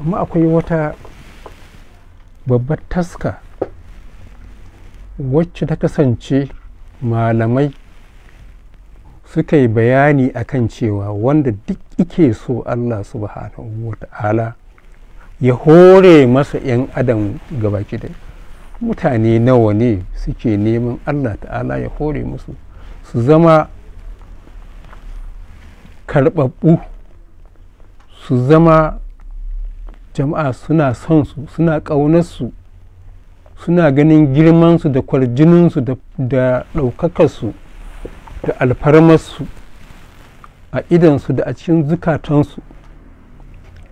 amma akwai wata babbar taska wacce ta kasance malamai suka yi bayani akan cewa wanda duk ike so Allah subhanahu wa ta'ala ya hore masa 'yan adam gabaki da mutane nawa ne suke neman Allah ta'ala ya hore musu su zama karɓaɓɓu su zama jama'a suna son su suna ƙaunarsu suna ganin girmansu da kwarjininsu da ɗaukakarsu da alfarmarsu a idansu da a cikin zukatansu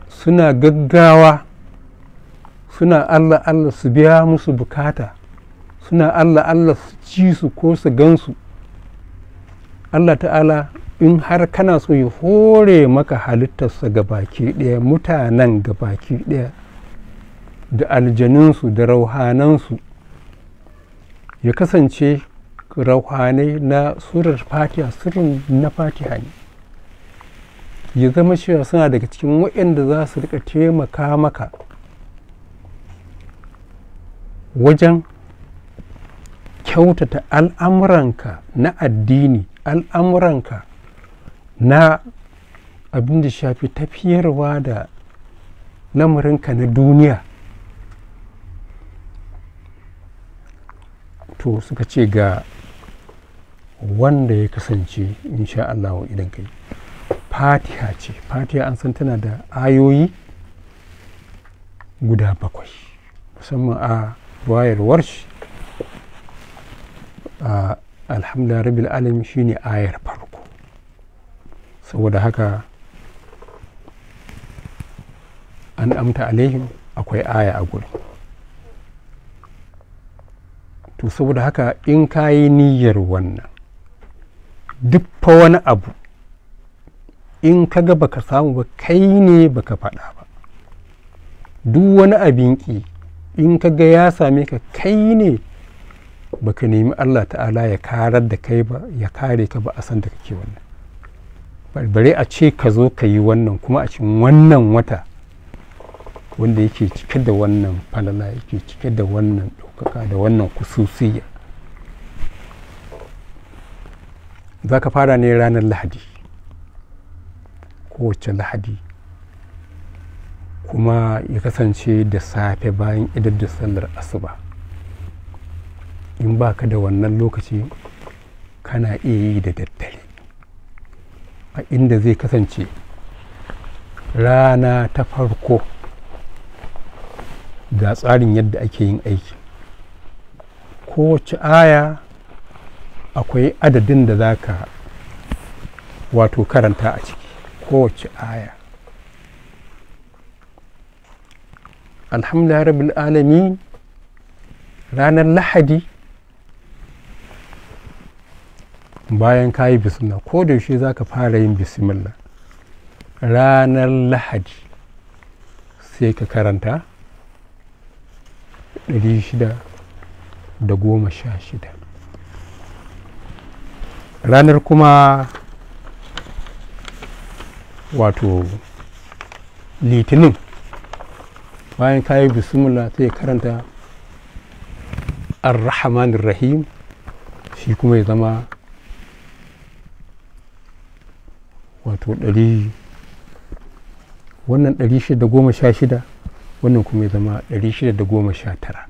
suna gaggawa suna allah allah su biya musu bukata suna allah allah su ci su ko su gansu allah ta'ala in har kana so ya hore maka halittarsa ga baki ɗaya mutanen ga baki ɗaya da aljaninsu da rauhanansu ya kasance rauhanai na surar fatiha surin na fatiha ne ya zama cewa suna daga cikin waɗanda za su rika taimaka maka wajen kyautata al'amuranka na addini al'amuranka na abin da shafi tafiyarwa da lamarinka na duniya to suka ce ga wanda ya kasance insha Allah idan kai fatiha ce fatiha an san tana da ayoyi guda bakwai musamman a wayar warshi alhamdulillah rabbil alamin shine ayar fa saboda haka an amta alaihim akwai aya a guri to saboda haka in ka yi niyyar wannan duk fa wani abu in ka ga baka samu ba kai ne baka faɗa ba duk wani abin ki in ka ga ya same ka kai ne baka nemi allah ta'ala ya karar da kai ba ya kare ka ba a san da kake wannan bare a ce ka zo ka yi wannan kuma a cikin wannan wata wanda yake cike da wannan falala yake cike da wannan ɗaukaka da wannan kususiya za ka fara ne ranar lahadi kowace lahadi kuma ya kasance da safe bayan idar da sallar asuba in ba ka da wannan lokaci kana iya yi da daddare a inda zai kasance rana ta farko ga tsarin yadda ake yin aiki kowace aya akwai adadin da za ka wato karanta a ciki kowace aya alhamdulillah rabbil alamin ranar lahadi bayan ka yi bismillah ko da yaushe za ka fara yin bismillah ranar lahadi sai ka karanta 616 ranar kuma wato litinin bayan ka yi bismillah sai karanta ar rahim shi kuma ya zama wato ɗari wannan ɗari shida goma sha shida wannan kuma ya zama ɗari shida da goma sha tara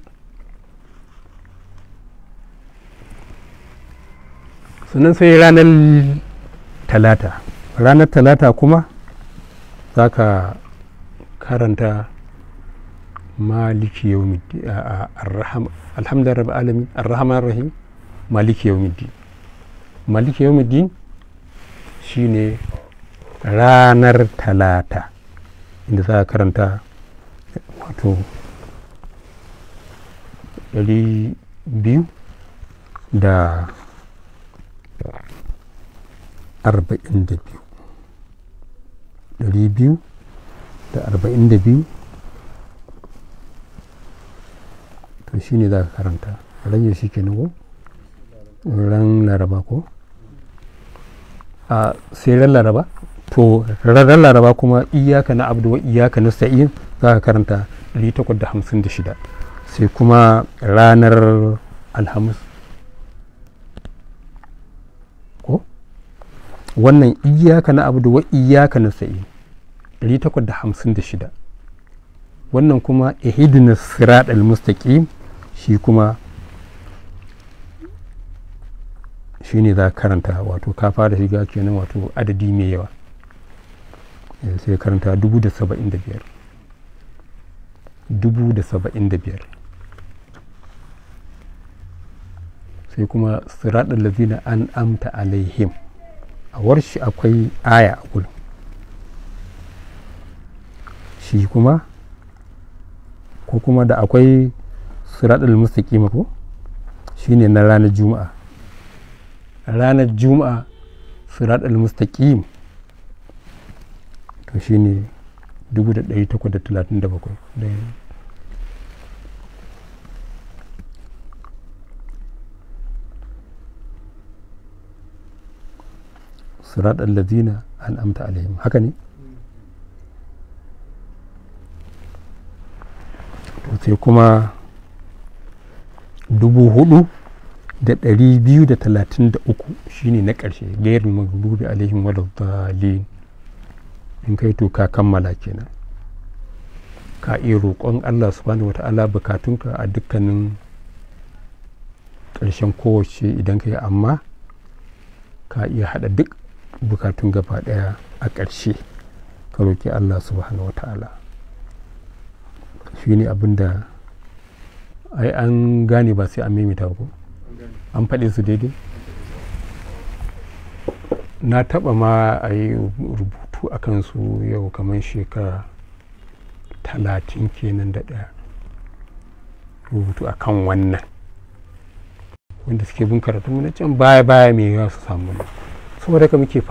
sannan sai ranar talata ranar talata kuma za ka karanta maliki yau alhamdulillah alami arrahman rahim maliki yau maliki yau shi ne ranar talata inda za a karanta wato biyu da arba'in da biyu ɗari biyu da arba'in da biyu to shi ne za ka karanta ranar shi ke nugu ran laraba ko a sai ran laraba to ranar laraba kuma iyaka na abdu wa iyaka na sa'in za ka karanta 856 sai kuma ranar alhamis ko wannan iyaka na abdu wa iyaka na sa'in 856 wannan kuma ihidina sirat al-mustaqim shi kuma shi ne za karanta wato ka fara shiga kenan wato adadi mai yawa yanzu sai karanta dubu da saba'in da biyar dubu da saba'in da biyar sai kuma siraɗin lazina an amta alaihim a warshi akwai aya a gudu shi kuma ko kuma da akwai siraɗin mustaƙima ko shi ne na ranar juma'a ranar juma'a siraɗin mustaƙima to ne 1837 sirat allazina an'amta alaihim haka ne to sai kuma dubu hudu da ɗari biyu da talatin da uku ne na ƙarshe gairin magdubi alaihim wadda in kai to ka kammala kenan ka iya roƙon allah subhanahu wata'ala bukatunka a dukkanin ƙarshen kowace idan ka yi amma ka iya haɗa duk bukatun gaba ɗaya a ƙarshe ka roƙi allah subhanahu wata'ala shi ne abin da ai an gane ba sai an mimita ko an faɗe su daidai na taba ma a yi rubutu a kansu yau kamar shekara talatin kenan da daya rubutu a kan wannan wanda suke bin karatu na can baya baya mai yawa su samu saboda ka muke